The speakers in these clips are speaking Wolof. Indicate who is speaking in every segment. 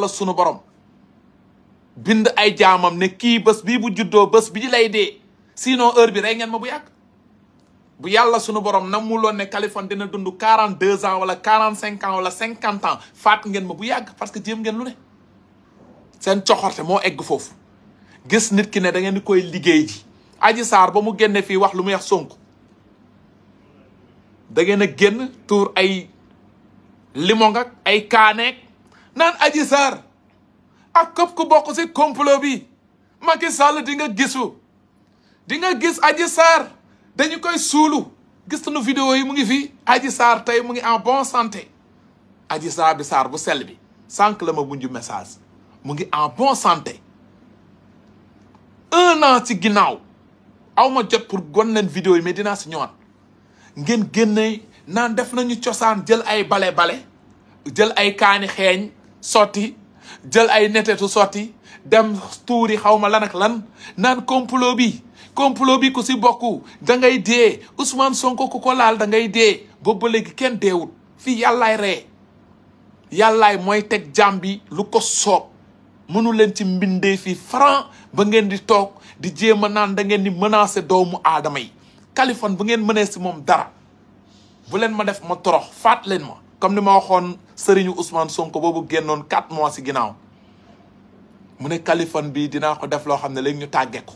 Speaker 1: yàlla sunu borom bind ay jaamam ne kii bés bii bu juddoo bës bi lay dee sinon heure bi rey ngeen ma bu yàgg bu yàlla sunu borom na mu loon ne Kaliphone dina dund quarante deux ans wala quarante cinq ans wala cinquante ans faat ngeen ma bu yàgg parce que jéem ngeen lu ne seen coxorte moo egg foofu gis nit ki ne da ngeen di koy liggéey ji Adji Sarr ba mu génne fii wax lu muy wax Sonko da a génn tuur ay limong ak ay kaaneek naan Adji Sarr ak këpp ku bokk ci complot bi Macky Sall di nga gisu di nga gis aji Sarr dañu koy suulu gis nañu video yi mu ngi fi Adji Sarr tey mu ngi en bonne santé Adji Sarr bi Sarr bu sell bi sànq la ma bunju message mu ngi en bonne santé un an ci ginnaaw aw ma jot pour gon leen video yi mais dinaa si ñëwaat ngeen génne naan def nañu cosaan jël ay bale bale jël ay kaani xeeñ sotti jël ay netetu sotti dem tuuri xaw ma lan ak lan naan complot bi complot bi ku si bokk da ngay dee Ousmane Sonko ku ko laal dangay ngay dee ba léegi kenn deewul fii yàllaay ree yàllaay mooy teg jàmm bi lu ko soob mënu leen ci mbindee fii franc ba ngeen di toog di jéem a naan dangeen di menacer doomu aadama yi Kaliphone bu ngeen mënee si moom dara buleen ma def ma torox faat leen ma comme ni ma waxoon sëriñu Ousmane Sonko boobu génnoon quatre mois si ginnaaw mu ne Kaliphone bi dina ko def loo xam ne léegi ñu tàggee ko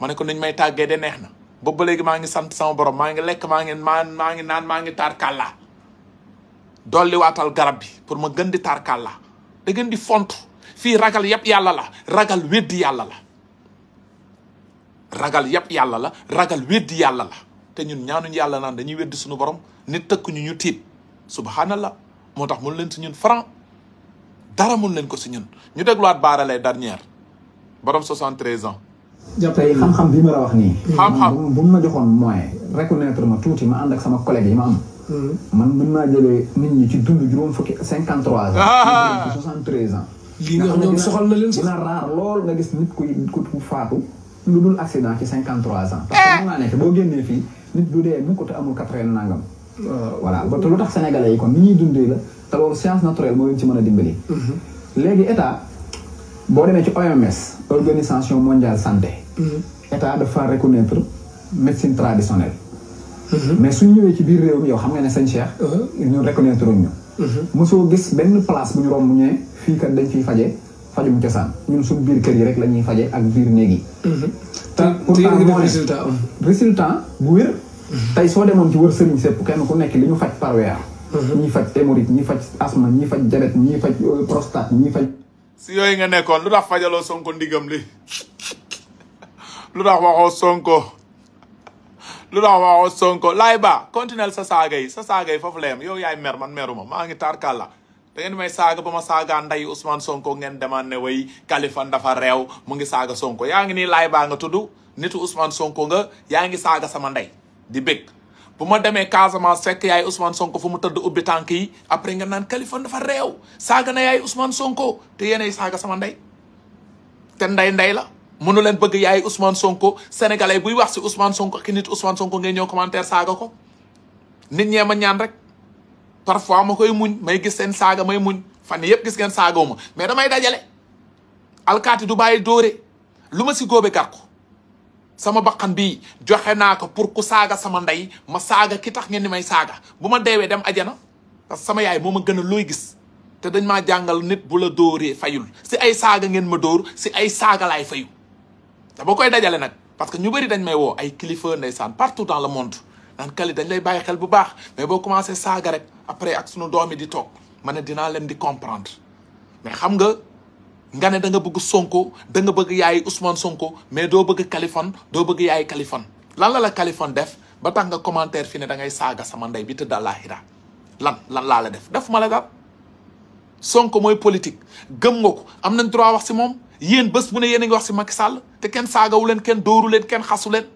Speaker 1: ma ne ko nañ may tàggee de neex na boobu léegi maa ngi sant sama borom maa ngi lekk maa ngi maa maa naan maa ngi taar kàllaa dolli waatal garab bi pour ma gën di taar kàllaa da gën di font fii ragal yëpp yàlla la ragal weddi yàlla la ragal yëpp yàlla la ragal weddi yàlla la te ñun ñaanuñ yàlla naan dañuy weddi suñu borom nit tëkk ñu ñu tiit subhanallah moo tax mun leen si ñun franc dara mënu leen ko si ñun ñu dégluwaat Baara lay dernière borom 73 ans.
Speaker 2: tey xam-xam bi ma la wax nii. xam bu mu ma joxoon moyen reconnaître ma tuuti ma ànd sama collègue yi ma hmm. man mën naa jëlee nit ñi ci dund juróom fukki cinquante ans. juróom ah, ah, ah. 73 ans.
Speaker 1: lii nga xam ne soxal
Speaker 2: na leen sax dina raar lool nga gis nit kuy ku faatu. lu dul accident ci 53 ans. parce que eh. mën naa nekk boo génnee fii nit du dee bu ko te amul 80 nangam. Euh, voilà ba te lu tax sénégalais yi kon ni ñuy dundee la te loolu science naturelle moo leen ci mën a dimbali. Mhm. léegi état boo demee ci OMS organisation mondiale santé. Mhm. état dafa reconnaître médecine traditionnelle. Mhm. mais suñ ñëwee ci biir réew mi yow xam nga ne sëñ Cheikh. Uh-huh. ñu reconnaître ñu. mosoo gis benn place bu ñu romb ñee fii kat dañ fiy faje fajum cosaan ñun suñ biir kër yi rek lañuy faje ak biir néeg yi. te pourtant résultat bu wér. tey soo demoon ci wër sëriñ sépp kenn ku nekk li ñu faj par weer. Mhm. ñii faj témorite ñii faj asma ñii faj jabet ñii faj euh, prostate ñii faj.
Speaker 1: si yooyu nga nekkoon lu tax fajaloo sonko ndigam li lu tax waxoo sonko lu laay ba continuel sa saaga yi sa saaga yi foofu la yem yow yaay mer man meruma maa ngi taar kàlla da ngeen may saaga ba ma saagaa nday Sonko ngeen demaan ne way dafa réew mu ngi saaga Sonko yaa ngi nii laay baa nga tudd nitu Ousmane Sonko nga yaa ngi saaga sama ndey di bëgg bu ma demee Casamance fekk yaay Ousmane Sonko fu mu tëdd ubbi tànk yi après nga naan Kaliphone dafa réew saaga na yaay Ousmane Sonko te yéenay saaga sama ndey te ndey ndey la mënu leen bëgg yaay Ousmane Sonko sénégalais buy wax si Ousmane Sonko ki nit Sonko ngay ñëw commentaire saaga ko nit ñee ma ñaan rek parfois ma koy muñ may gis seen saaga may muñ fan yëpp gis ngeen saagaw ma mais damay dajale alkaati du bàyyi dóore lu ma si góobe gar sama baqan bi joxe naa ko pour ku saaga sama ndey ma saaga ki tax ngeen di may saaga bu ma deewee dem ajana parce que sama yaay moo ma gën a looy gis te dañ maa jàngal nit bu la dóoree fayul si ay saaga ngeen ma dóor si ay saaga laay fayu boo koy dajalee nag parce que ñu bari dañ may woo ay kilifa ndeysaan partout dans le monde naan kali dañ lay bàyyi xel bu baax mais boo commencé saaga rek après ak sunu doom yi di toog ma ne dinaa leen di comprendre mais xam nga nga ne danga bëgg Sonko da bëgg yaay Ousmane Sonko mais doo bëgg kalifon doo bëgg yaay kalifon lan la la Kaliphone def ba tax nga commentaire fi ne da ngay saaga sama ndey bi tëdd àllaaxira lan lan laa la def def ma la daal Sonko mooy politique gëm nga ko am nañ droit wax si moom yéen bés bu ne yéen a wax si Macky Sall te kenn saagawu leen kenn dóoru leen kenn xasu leen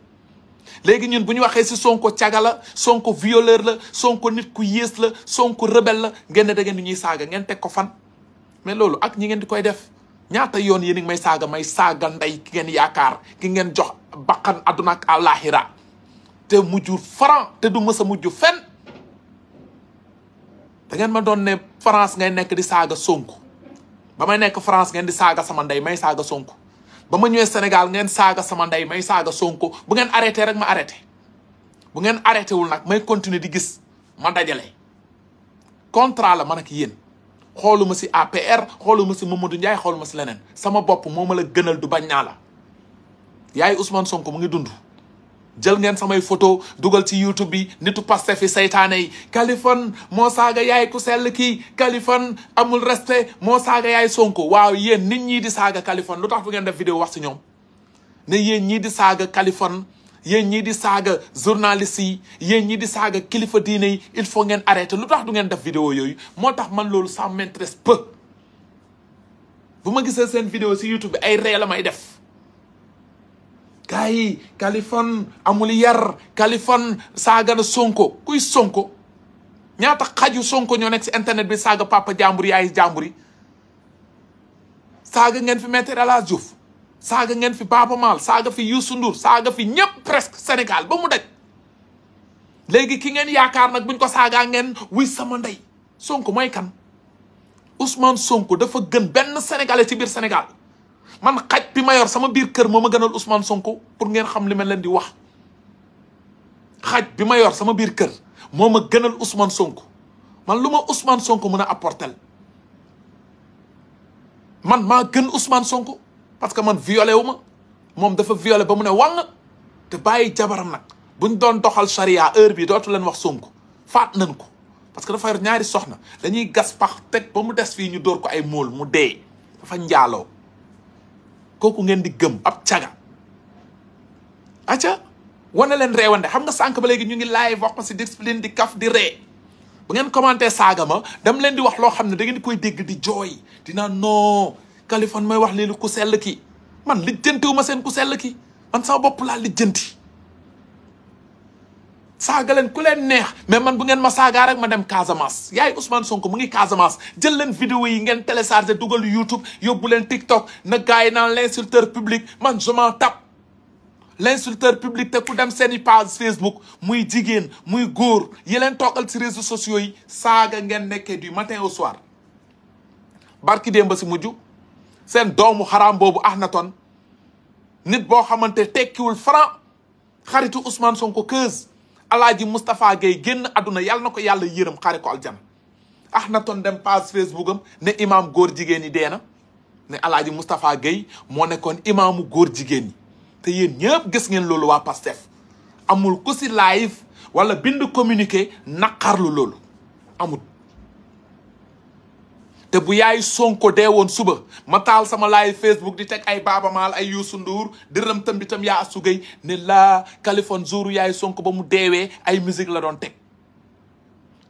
Speaker 1: léegi ñun bu ñu waxee si Sonko cagala la Sonko violeur la Sonko nit ku yées la Sonko rebelle la ngeen da ngeen ñuy saaga ngeen teg ko fan mais loolu ak ñi ngeen di koy def. ñaata yoon yéen ngi may saaga may saaga ndey ki ngeen yaakaar ki ngeen jox bakkan àdduna ak àllaaxira te mujj Franc te du mës a mujj fenn da ma doon ne France ngay nekk di saaga Sonko ba may nekk France ngeen di saaga sama ndey may saaga Sonko ba ma ñëwee Sénégal ngeen saaga sama ndey may saaga Sonko bu ngeen arrêté rek ma arrêté bu ngeen arrêté wul nag may continuer di gis ma dajale contrat la man ak yéen. xooluma si APR xooluma si Mamadou Ndiaye xooluma ci leneen sama bopp moo ma la gënal du bañ naa la yaay Ousmane Sonko mu ngi dund jël ngeen samay photo dugal ci YouTube bi nitu Pastef fi saytaane yi Kaliphone moo saaga yaay ku sell kii Kaliphone amul respect moo saaga yaay Sonko waaw yéen nit ñii di saaga Kaliphone lu tax du ngeen def vidéo wax si ñoom ne yéen ñii di saaga Kaliphone yéen ñii di saaga journaliste yi yéen ñii di saaga kilifa diine yi il faut ngeen arrêter lu tax du ngeen def vidéo yooyu moo tax man loolu ça m'intéresse peu bu ma gisee seen vidéo si YouTube bi ay ree la may def gars yi Kaliphone amul yar Kaliphone saaga na Sonko kuy Sonko ñaata xaju Sonko ñoo nekk si internet bi saaga papa jàmbur yaay jàmbur yi saaga ngeen fi mettre El Hadj saaga ngeen fi Baaba Maal saaga fi Youssou Ndour saaga fi ñëpp presque Sénégal ba mu daj léegi ki ngeen yaakaar nag buñ ko saagaa ngeen wuy sama ndey Sonko mooy kan Ousmane Sonko dafa gën benn sénégalais ci biir Sénégal man xaj bi mayor sama biir kër moo ma gënal Ousmane Sonko pour ngeen xam li ma leen di wax xaj bi ma yor sama biir kër moo ma gënal Ousmane Sonko man lu ma Ousmane Sonko mën a apportel man maa gën usmaan Sonko. parce que man violé wu ma moom dafa violé ba mu ne wàll te bàyyi jabaram nag buñ doon doxal charia heure bi dootu leen wax Sonko faat nañ ko parce que dafa yor ñaari soxna dañuy gas pax teg ba mu des fii ñu door ko ay muul mu dee dafa njaaloo kooku ngeen di gëm ab caga acca wane leen reewande xam nga sànq ba léegi ñu ngi live wax ma si discipline di kaf di ree bu ngeen commenté saaga ma dam leen di wax loo xam ne da ngeen di koy dégg di jooy dinaa non Kaliphone mooy wax lii ku sell ki man lijjantiwu ma seen ku sell ki man sama bopp laa lijjanti saaga leen ku leen neex mais man bu ngeen ma saagaa rek ma dem Casamance yaay Ousmane Sonko mu ngi Casamance jël leen vidéo yi ngeen téléchargé dugal YouTube yóbbu leen TikTok na gars yi naan l' insulteur public man je m'en tape l' insulteur public te ku dem seeni page Facebook muy jigéen muy góor yi leen toogal si réseaux sociaux yi saaga ngeen nekkee du matin au soir barki démb si mujj seen doomu xaraam boobu ton nit boo xamante tekkiwul franc xaritu Ousmane Sonko keuse alaaji Moustapha Gueye génn àdduna yàlla na ko yàlla yërëm xaare ko aljana ton dem page Facebook am ne imaam góor jigéen ñi dee na ne alaaji Moustapha Gueye moo nekkoon imaamu góor jigéen ñi te yéen ñëpp gis ngeen loolu waa Pastef amul ku si live wala bind communiqué naqarlu loolu amul bu yaay Sonko dee woon suba ma taal sama laay Facebook di teg ay Baaba Maal ay Youssou Ndour di rëm tam bi tam yaa asugay ne la Kaliphone jouru yaay Sonko ba mu deewee ay musique la doon teg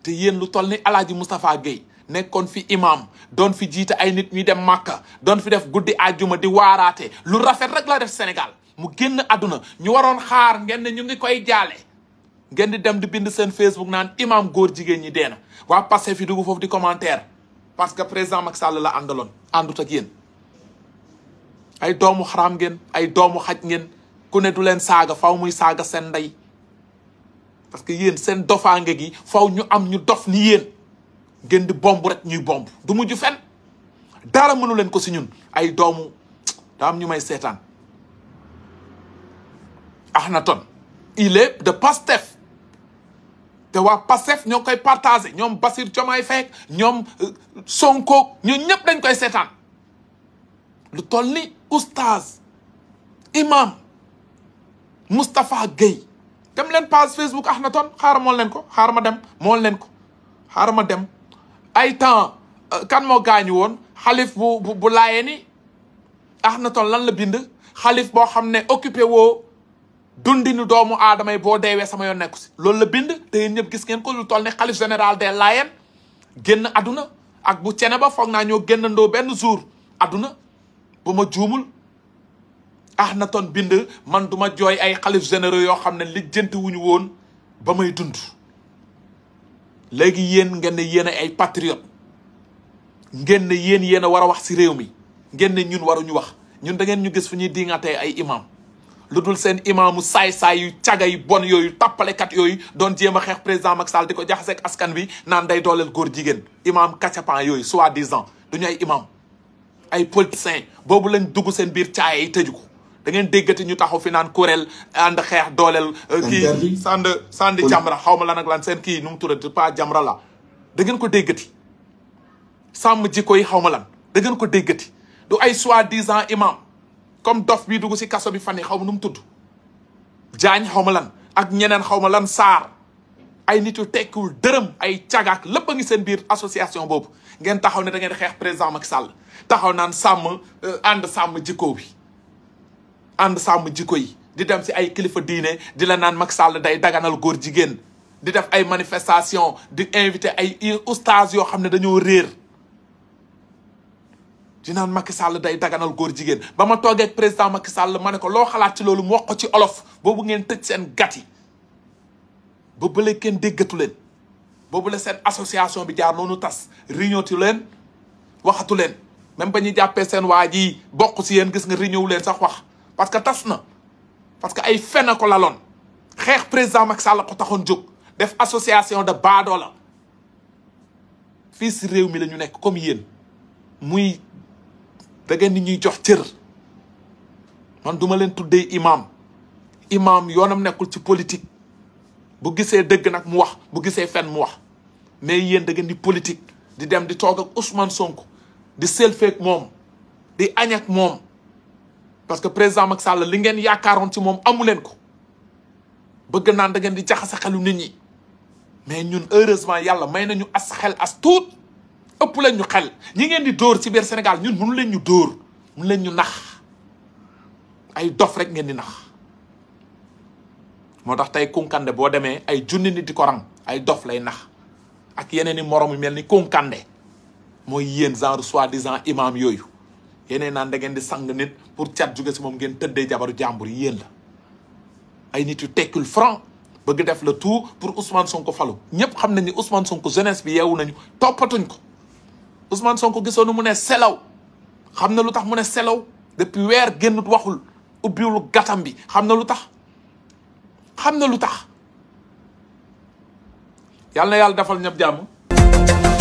Speaker 1: te yéen lu tol ni Alaaji Moustapha Gueye nekkoon fi imam doon fi jiite ay nit ñuy dem Màkka doon fi def guddi àjjuma di waaraate lu rafet rek la def senegal mu génn àdduna ñu waroon xaar ngeen ne ñu ngi koy jaale ngeen di dem di bind seen Facebook naan imam góor jigéen ñi dee na waa passé fi dugg foofu di commentaire parce que président mag Sall la àndaloon àndut ak ay doomu xaraam ngeen ay doomu xaj ngeen ku ne du leen saaga faw muy saaga seen ndey parce que yéen seen dofaange gi faw ñu am ñu dof ni yéen ngeen di bomb rek ñuy bomb du mujj fen dara mënu leen ko si ñun ay doomu daa am ñu may seetaan Akhenaton il est de Pastef te waa Pastef ñoo koy partagé ñoom Basir Diomaye Faye ñoom euh, sonkook ñun ñëpp dañ koy seetaan lu toll ni oustaz imam Moustapha Gueye dem leen page Facebook Akhenaton xaar mool ko xaar ma dem leen ko xaar ma dem ay temps euh, kan moo gaañu woon xalif bu bu laayee ni Akhenaton lan la bind xalif boo xam ne occupé woo ñu doomu aadama yi boo deewee sama yoon nekku si loolu la bind te yéen ñëpp gis ngeen ko lu toll ne xalif général de Layènes génn aduna ak bu cene ba foog naa ñoo génnandoo benn jour aduna bu ma juumul ah na ton bind man du ma ay xalif généraux yoo xam ne lijjanti wuñu woon ba may dund léegi yéen ngeen ne yéen ay patriote ngeen ne yéen yéen a war a wax si réew mi ngeen ne ñun waruñu wax ñun da ngeen ñu gis fu ñuy diŋatee ay imam lu dul seen imaamu saay-saay yu caga yu bon yooyu tappalekat yooyu doon jéem a xeex président Macky Sall di ko jaxaseeg askan bi naan day dooleel góor jigéen imaam kacapan yooyu soi-disant duñu ay imaam ay politiciens boobu lañ dugg seen biir caaya te tëju ko da ngeen déggati ñu taxaw fi naan kuréel ànd xeex dooleel euh, kii sand sandi jamra xaw ma lan ak lan seen kii nu mu tuddati pas jamra la da ko déggati sàmm jikko yi xaw ma lan da ngeen ko déggati du ay soi-disant imam comme dof bii dugg si kaso bi fan yi xaw ma nu mu tudd jaañ xaw ma lan ak ñeneen xaw ma lan saar ay nit yu tekkiwul dërëm ay cagaak lépp ngi seen biir association boobu ngeen taxaw ne da ngeen xeex président Macky sàll taxaw naan sàmm euh, ànd sàmm jikko bi ànd sàmm jikko yi di dem si ay kilifa diine di la naan mag sàll day daganal góor jigéen di def ay manifestation di invité ay oustaz yoo xam ne dañoo réer di naan Macky sàll day daganal góor jigéen ba ma toogee président Macky sàll ma ne ko loo xalaat ci loolu mu wax ko ci olof boobu ngeen tëj seen gat yi ba bële kenn déggatu leen boobu la seen association bi jaar noonu tas riñootu leen waxatu leen même ba ñu jàppee seen waa ji bokk si yéen gis nga riñoowu leen sax wax parce que tas na parce que ay fen a ko laloon xeex président Macky Sall ko taxoon jóg def association de baadoo la fii si réew mi la ñu nekk comme yéen da ngeen ni ñuy jox cër man duma leen tuddee imam imam yoonam nekkul ci politique bu gisee dëgg nag mu wax bu gisee fen mu wax mais yéen da ngeen di politique di dem di toog ak Ousmane Sonko di selfeek moom di añ moom parce que président Macky Sall li ngeen yaakaaroon ci moom amu leen ko bëgg naan da ngeen di jaxase xelu nit ñi mais ñun heureusement yàlla may nañu as xel as tuut ëpp leen ñu xel ñi ngeen di dóor ci biir Sénégal ñun mënu leen ñu dóor mënu leen ñu nax ay dof rek ngeen di nax moo tax tey kunkande boo demee ay junni nit di koran ay dof lay nax ak yeneen i morom yu mel ni kunkande mooy yéen genre soi-disant imam yooyu yeneen naan da ngeen di sang nit pour cat jóge si moom ngeen tëddee jabaru jàmbur yi yéen la ay nit yu tekkul franc bëgg def le tout pour Ousmane Sonko falu ñëpp xam nañ ni Ousmane Sonko jeunesse bi yeewu nañu toppatuñ ko Ousmane Sonko gisoonu mu ne selaw xam na lu tax mu ne selaw depuis weer génnut waxul ubbiwul gàttam bi xam na lu tax xam na lu tax yàlla na yàlla defal ñëpp jàmm